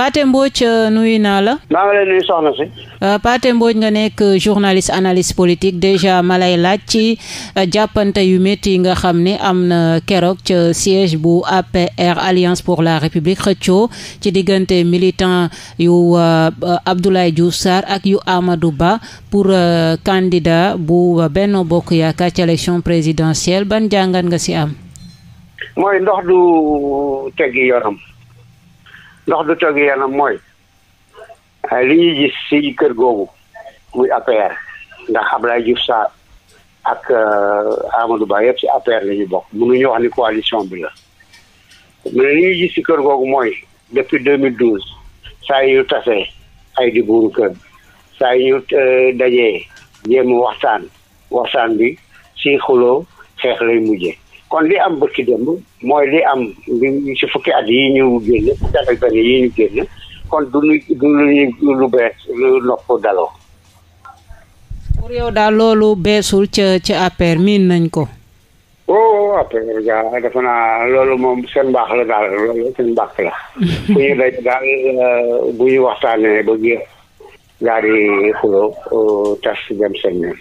Pathé Mbodj euh, nuyu naa la. maa ngi lay nuyu soxna si. Euh, Pathé Mbodj nga nekk journaliste analyse politique déjà malay laaj ci euh, jàppante yu métti yi nga xam ne am na keroog ca siège bu APR Alliance pour la République xëccoo ci diggante militant yu Abdoulaye Diouf Sarr ak yu Amadou Ba pour candidat bu benn Bokk Yaakaar ci élection présidentielle ban jàngat nga si am. mooy ndox du teggi yoram. ndox du togg yanam mooy li ñuy gis si kër googu muy APR ndax Abdoulaye Diouf Sarr ak euh, Amadou Ba yëpp si APR la ñu bokk mënuñu wax ni coalition bi la mais li ñuy gis si kër googu mooy depuis 2012 saa yu tasee ay di buuru kër saa yu euh, dajee jéem waxtaan waxtaan bi si xuloo xeex lay mujjee. kon li am bërki démb mooy li am ci fukki at yi ñu génn fukki at ak benn yi ñu génn kon du lu du lu bees lu nopp daloo. pour yow daal loolu beesul ca ca APR miin nañ ko. oh, oh APR ga naa loolu moom seen mbaax la daal loolu seen mbaax la. fu ñu lay daal euh, bu ñu waxtaanee ba géex. daal xuloo euh, tas dem seen yoon.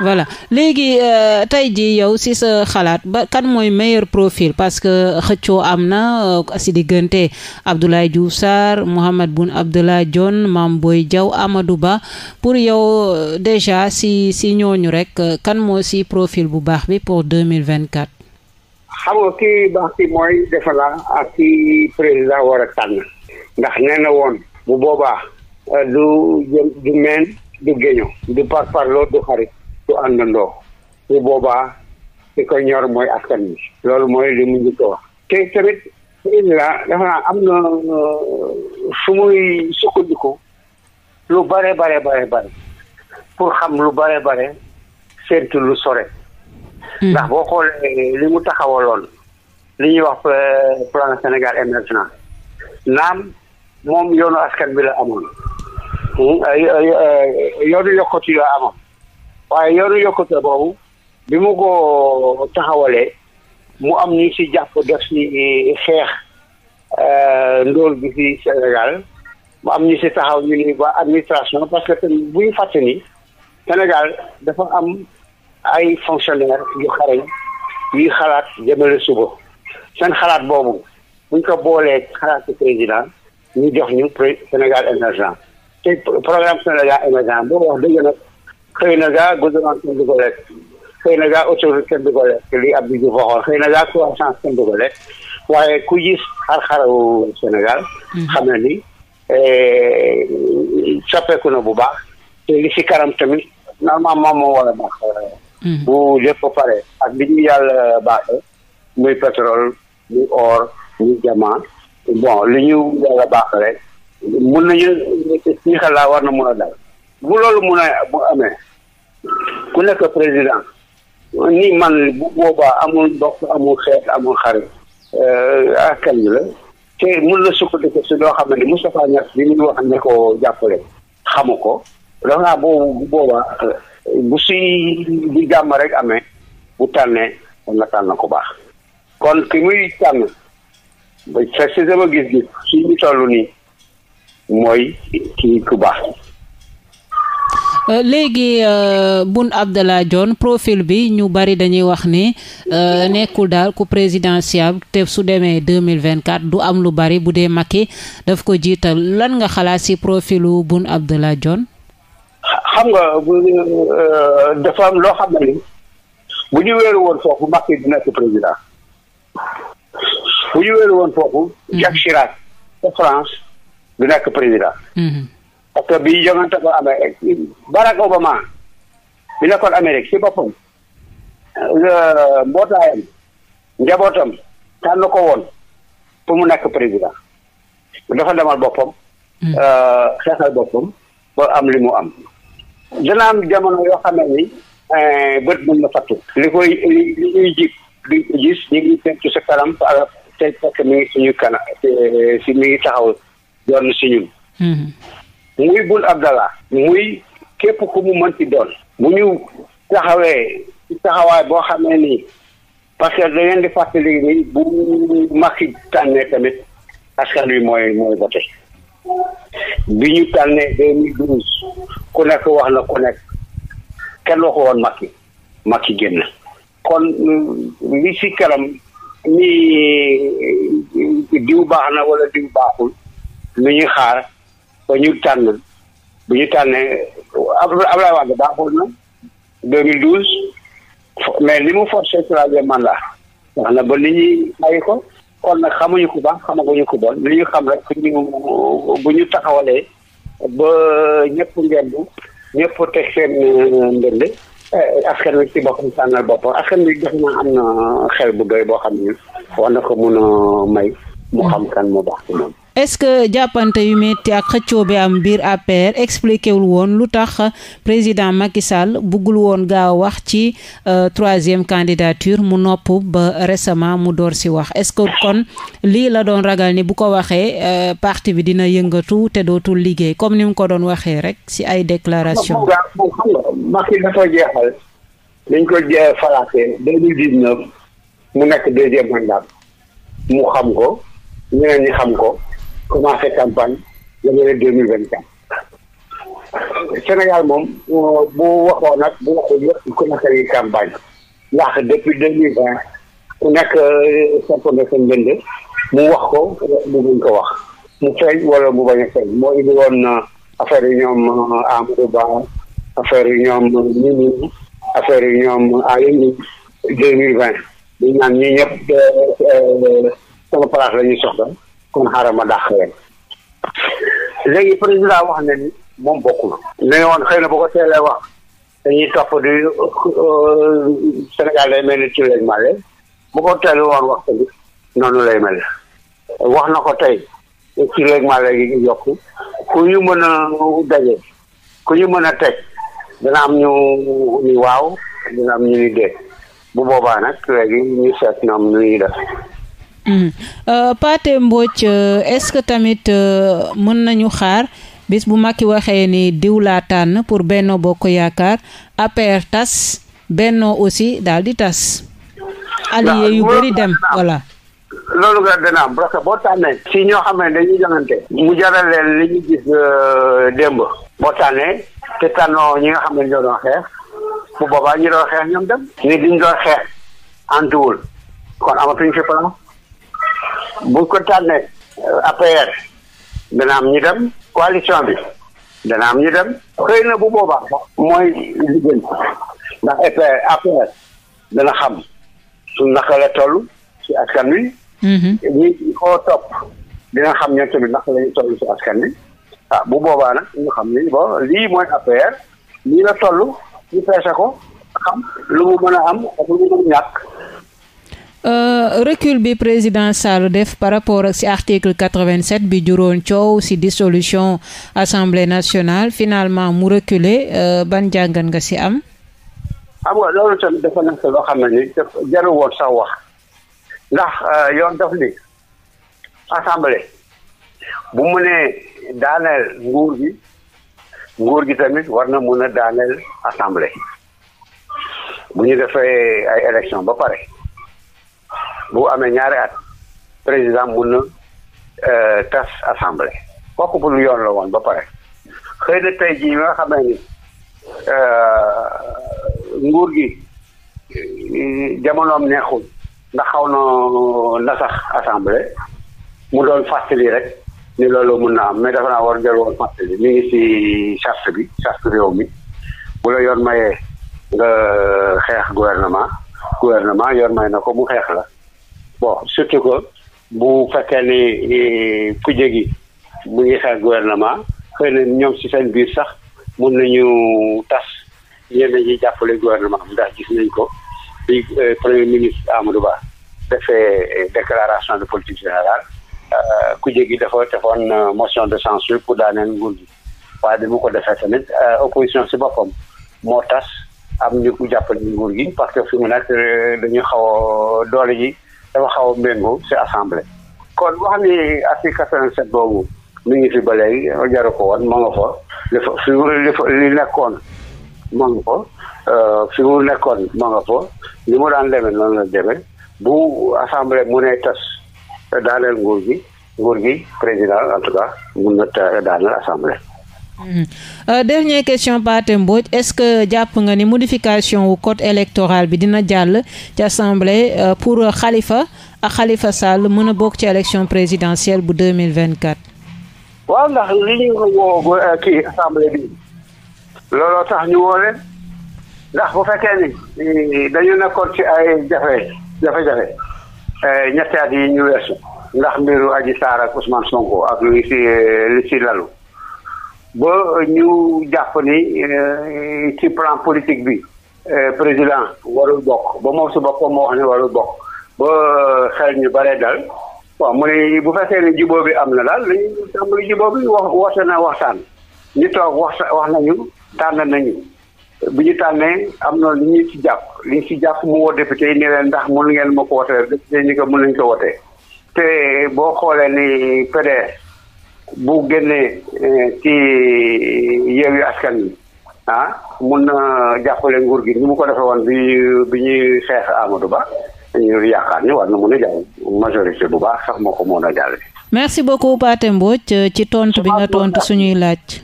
voilà léegi euh, tey jii yow si sa xalaat ba kan mooy meilleur profil parce que xëccoo am na euh, si diggante Abdoulaye Diouf Sarr Mahammed Boun Abdallah Dionne Mame Boye Diao Amadou Ba pour yow euh, déjà si si ñooñu rek kan moo si profil bu baax bi pour deux mille vingt quatre. xam nga kii baax ki mooy defe ak kii président war a ndax nee woon bu boobaa du meen du géño du parparloo du xarit. àndandoo bu boobaa li koy ñor mooy askan bi loolu mooy li mu njëkk wax te tamit illa dafa am na euh, su lu bare bare bare bare pour xam lu bare bare séntu lu sore hmm. ndax boo xoolee li mu taxawaloon li ñuy wax euh, plan Sénégal émergent naam moom yoonu askan bi la amul hmm, euh, yoonu yokkati la amoon waaye yoonu yokkute boobu bi mu ko taxawalee mu am ñu si jàpp def si xeex euh, ndóol bi si Sénégal mu am ñu si taxaw ñu ni ba administration parce que tamit bu ñu fàtte ni Sénégal dafa am ay fonctionnaire yu xarañ yuy xalaat jëmale suba seen xalaat boobu buñ ko boolee xalaatu président ñu jox ñu Sénégal émergent te programme Sénégal émergent boo wax dëgg nag xëy na gaa gouvernance kenn du ko lekk xëy na gaa autorité kenn du ko lekk li bu Diouf waxoon xëy na croissance kenn du ko lekk waaye ku gis xar Sénégal mhm. xam na ni eh, soppeeku na bu baax te li si kanam tamit normalement moo war a baax mhm. bu lépp pare ak bi ñu yàlla baaxee muy pétrole muy or muy diamant bon li ñu yàlla baax rek mun nañu si xalaat war na mun a dal bu loolu mun a bu amee bu nekk président ni man bu boobaa amul bokk amul xeet amul xarit euh, askan wi la te mun na sukkandiku si loo xam ne Moustapha Niass bi muy wax ne ko jàppale xamu ko dafa naa boobu bu bu si bu jàmm rek amee bu tànnee na tànn ko baax kon ki muy tànn ba sa si sama gis-gis si ñu toll nii mooy kii ku baax Euh, léegi euh, Boun Abdallah Dionne profil bi ñu bari dañuy wax ni euh, nekkul daal ku présidentiable te su demee deux mille vingt quatre du am lu bari bu dee Macky daf ko jiital lan nga xalaat ci profilu Boun Abdallah Dionne. xam nga dafa loo xam ne bu ñu weeru woon foofu Macky di nekk président bu ñu weeru woon foofu Jacques mhm. Chirac ca France du nekk président mhm. parce que bi jongante ko Amérique Barack Obama bi nekkoon Amérique ci boppam mbootaayam njabootam tànn ko woon pour mu nekk président dafa demal boppam xeexal boppam ba am li mu am dana jamono yoo xam ne ni bët mën na fattu li koy li li ñuy jig duñ mi ngi suñu kanam si mi ngi taxaw doon si ñun muy bul abdallah muy képp ku mu mënti doon bu ñu taxawee ci taxawaay boo xam ne nii parce que di fàttali ni bu Macky tamit askan wi mooy mooy voté bi ñu tànnee deux mille douze ku nekk wax na ku nekk kenn waxu woon Macky Macky génn kon euh, li si kanam ni euh, diw baax na wala diw baaxul lu ñuy xaar ba ñu tànn bu ñu tànnee Abdoulaye Wade baaxul na 2012 mais li mu forcé troisième mandat wax na ba nit ñi bàyyi ko kon nag xamuñu ko baax xamaguñu ko bon li ñu xam rek bu ñu bu ñu taxawalee ba ñëpp ngeen ñëpp teg seen euh, ndënd eh, askan wi ci boppam tànnal boppam askan wi def na am na xel bu bay boo xam ne war na ko mun a may mu xam kan moo baax ci moom est-ce que jàppante yu metti ak xëccoo bi am biir APR expliqué wul woon lu tax président makisal Sall buggul woon gaaw wax ci euh, troisième candidature mu nopp ba récemment mu door si wax est kon lii la doon ragal ni bu ko waxee euh, parti bi dina yëngatu te dootul liggéey comme ni mu ko doon waxee rek si ay déclaration mu nekk mu xam ko ñeneen xam ko commencé campagne la ñu leen deux mille vingt quatre Sénégal moom bu waxoo nag bu waxul yëpp commencé nañu campagne ndax depuis deux mille vingt ku nekk euh, samp nga sa njënd mu wax ko mu ko wax mu feeñ wala mu bañ a feeñ moo indi woon euh, affaire yi ñoom euh, Amadou Ba affaire yi ñoom Mimi affaire yi ñoom Alioune deux mille vingt dañ naan ñii ñëpp sama place la soxla kon xaaral ma dàq leen léegi président wax ne moom bokkul. ne woon xëy na bu ko teelee wax dañuy topp di euh, Sénégal lay mel ni ci lañ male bu ko teel woon wax tamit noonu lay mel wax na ko tey ci lañ male yi yokk ku ñu mën a daje ku ñu mën a teg dana am ñu ni waaw dana am ñu ni dee bu boobaa nag léegi ñu seet ñoom ñu ñuy Mm. Euh, Pathé Mbodj euh, est-ce que tamit euh, mën nañu xaar bis bu Macky waxee ni diw laa tànn pour Benno Bokk Yaakaar APR tas Benno aussi daal di tas. allié yu bëri dem voilà. loolu nga dana boo tànnee. si ñoo xam ne dañuy jongante. mu jaral li ñu gis démb. boo tànnee te tànnoo ñi nga xam ñoo doon xeex bu boobaa ñu doon xeex ñoom dem. nit ñi doon xeex antuwul kon amatuñ fi plan. bu ko tànnee euh, APR dana am ñu dem coalition bi dana am ñu dem xëy na bu boobaa mooy liggéey ndax APR APR dana xam su naka la toll ci askan wi. Mm-hmm. ñi koo topp dina xam ñoom tamit naka la ñu toll ci askan wi ah bu boobaa nag ñu xam ni bon lii mooy APR lii la toll ñu peese ko xam lu mu mën a am ak lu mu mën a ñàkk. Euh, recul bi président Sall def par rapport ak ci article 87 bi juróon coow ci dissolution assemblée nationale finalement mu reculer euh, ban jàngat nga ci am. xam nga loo xam ne ni jarul woon wax ndax euh, yoon daf ni assemblée bu mu nee daaneel nguur gi nguur gi tamit war na mun a daaneel assemblée bu ñu defee ay élection ba pare. bu amee ñaari at président mun na euh, tas assemblée kooku bu lu yoon la woon ba pare xëy na tey jii nga xamee ni euh, nguur gi euh, jamonoom neexul ndax xaw na sax assemblée mu doon fàttali rek ni loolu mun naa am mais dafa naa war jël woon fàttali mi ngi ci charte bi charte réew mi bu la yoon mayee nga xeex gouvernement gouvernement yoon may na ko mu xeex la bo surtout que bu fekkee ne kuje gi mu ngi xeex gouvernement xëy na ñoom si seen biir sax mun nañu tas ñenn ñi jàppale gouvernement ndax gis nañ ko bi euh, premier ministre Amadou Ba defee déclaration de politique générale euh, kuje gi dafa defoon euh, motion de censure pour daaneel nguur gi waaye dama ko defee tamit opposition si boppam moo tas am ñu ko jàppale nguur gi parce que fi mu nekk dañu xaw a doole ji. dafa xaw a méngoo si assemblée. kon wax ni article quatre vingt boobu mu ngi fi ba léegi jaru ko woon moo nga fa li fa li nekkoon moo nga fa euh, fi mu nekkoon moo nga fa li mu daan demee noonu la demee bu assemblée mu ne tas daaneel nguur gi nguur gi président en tout cas mun na daaneel assemblée. Mmh. Euh, dernière question Pathé Mbodj est-ce que jàpp nga ni modification wu code électoral bi dina jàll ci assemblée euh, pour xalifa ak Khalifa Sall mën a bokk ci élection présidentielle bu 2024 waaw ndax li ñu woo euh, kii assemblée bi looloo tax ñu woo leen ndax bu fekkee ni dañu nekkoon ci ay jafe jafe-jafe euh, ñetti yi ñu weesu ndax mbiru Adji Sarr ak Ousmane Sonko ak lu ci lalu ba ñu jàpp ni euh, ci plan politique bi euh, président warul bokk ba moom si boppam moo wax ne warul bokk ba xel ñu baree dal bon mu ne bu fekkee ne juboo bi am na daal dañuy tàmbali jubóo bi wax woote na waxtaan ñu toog wax wax nañu tànn nañu bu ñu tànnee am na lu ñu ci jàpp li ñu ci jàpp mu woo député yi ne leen ndax mun ngeen ma ko wotee député ni ko mun nañu ko wotee te boo xoolee nii PDS bu génnee eh, ci yeewu askan wi ah mun na jàppale nguur gi ni mu ko defee woon bi bi ñuy xeex Amadou Ba ñu yaakaar ni war na mun a jàll majorité bu baax sax moo ko mën a jàll. merci beaucoup Pathé Mbodj eh, ci tontu bi nga tontu suñuy laaj.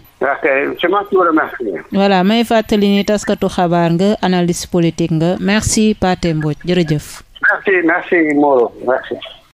voilà may fàttali ni taskatu xabaar nga analise politique nga merci Pathé Mbodj jërëjëf. merci merci Moreau merci.